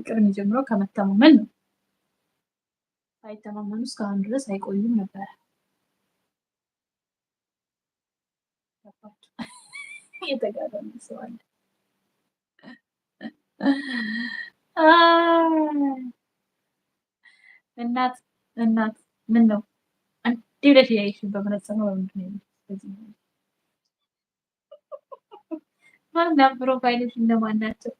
ፍቅር የሚጀምረው ከመተማመን ነው። ሳይተማመኑ እስካሁን ድረስ አይቆዩም ነበረ። የተጋራሚ ሰው አለ። እናት እናት ምን ነው አንዴ ብለሽ ያይሽ በመነጽር ነው ምንድን ነው ማና ፕሮፋይልሽ እንደማን ናቸው?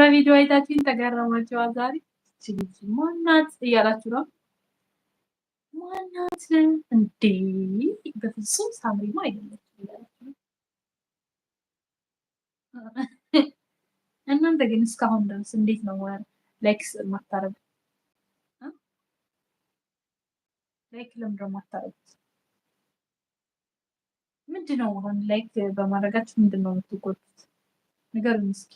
በቪዲዮ አይታችን ተገረማችሁ። ዛሬ ችግር ማናት እያላችሁ ነው። ማናት እንዴ? በፍጹም ሳምሪማ አይደለች እናንተ ግን እስካሁን ድረስ እንዴት ነው ላይክስ ማታረጉ? ላይክ ለምዶ ማታረጉት ምንድነው? አሁን ላይክ በማድረጋችሁ ምንድነው የምትጎዱት? ነገር ምስኪ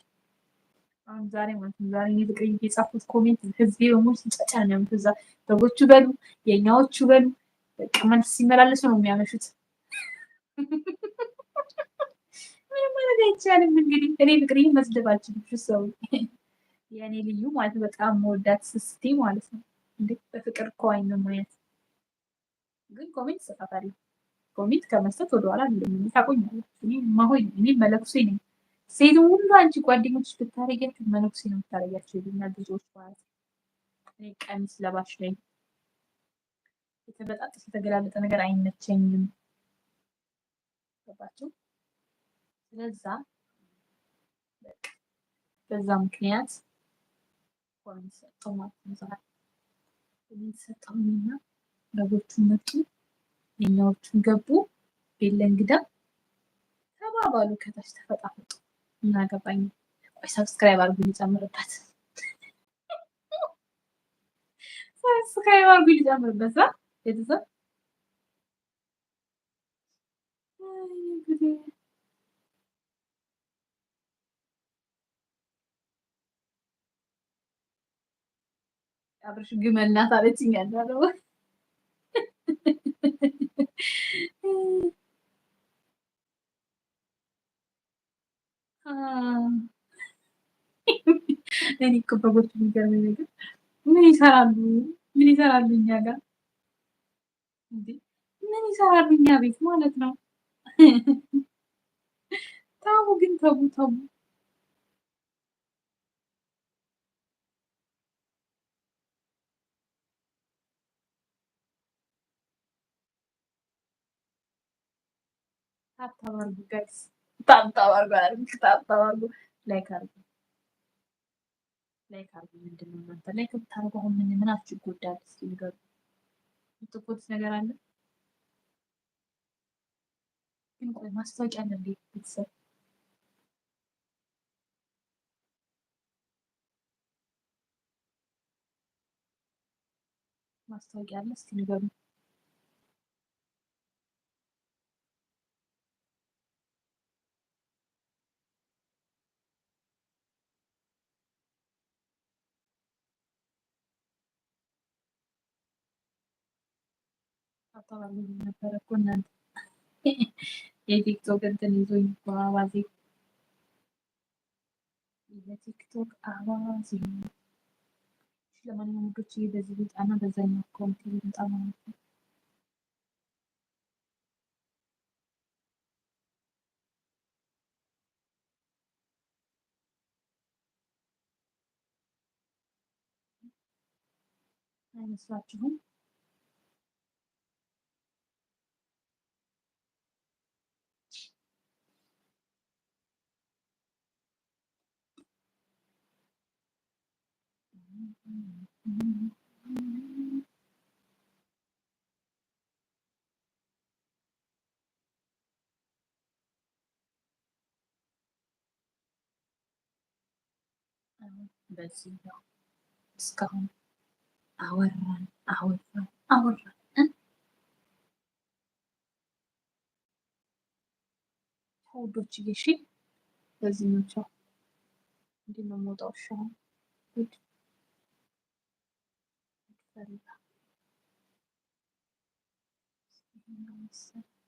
አሁን ዛሬ ማለት ነው ዛሬ እኔ ተቀይሜ የጻፉት ኮሜንት ህዝቤ በሙሉ ሲጫጫ ነው። ከዛ በጎቹ በሉ የኛዎቹ በሉ በቃ መልስ ሲመላለሱ ነው የሚያመሹት። ምንም ማለት አይቻልም። እንግዲህ እኔ ፍቅርዬ መስደብ አልችልም። ሰው የእኔ ልዩ ማለት ነው በጣም መወዳት ስስቲ ማለት ነው። እንዴ በፍቅር ከዋኝ ነው ማየት ግን ኮሜንት ጽፋታለሁ። ኮሜንት ከመስጠት ወደኋላ ታቆኛለ። እኔ ማሆይ እኔ መለኩሴ ነኝ። ሴት ሁሉ አንቺ ጓደኞች ብታረጊያቸው መነኩሴ ነው የምታረጊያቸው ይሉኛል ብዙዎች። ማለት እኔ ቀሚስ ለባሽ ነኝ። የተበጣጠሰ የተገላለጠ ነገር አይመቸኝም። ገባችሁ? ስለዛ በዛ ምክንያት ኮሜንት ሰጠው ማለት ነው። ዛሬ ሰጠውና በጎቹን መጡ፣ የኛዎቹን ገቡ፣ ቤለ እንግዳ ተባባሉ፣ ከታች ተፈጣፈጡ። ምን አገባኝ። ቆይ ሰብስክራይብ አርጉ ሊጨምርበት፣ ሰብስክራይብ አርጉ ሊጨምርበት። ቤተሰብ አብረሽ ግመል ናት አለችኝ ያለው እኔ እኮ በጎች የሚገርመኝ ነገር ምን ይሰራሉ? ምን ይሰራሉ እኛ ጋር ምን ይሰራሉ እኛ ቤት ማለት ነው። ታቡ ግን ተቡ ተቡ ታታባሉ ጋይስ ላይክ አድርጉ ላይክ አድርጉ። ምንድን ነው እናንተ ላይክ ብታደርጉ አሁን ምን ምናችሁ ይጎዳል? እስኪ ንገሩ። የምትጎዱት ነገር አለ ግን ቆይ ማስታወቂያ አለ እንዴ ቤተሰብ ማስታወቂያ አለ እስኪ ንገሩ። አካባቢ ነበረ እኮ እናንተ የቲክቶክ እንትን ይዞኝ እኮ አዋዜ የቲክቶክ አዋዜ። ለማንኛውም ውዶች በዚህ ቢጣና በዛኛው አካውንት ይምጣ ማለት ነው። አይመስላችሁም? በዚህ ነው እስካሁን አወራን አወራን አወራን። ውዶች እየሺ በዚህ ነው። ቻው። እንዴት ነው የምወጣው? እሺ salita. Sinong salita?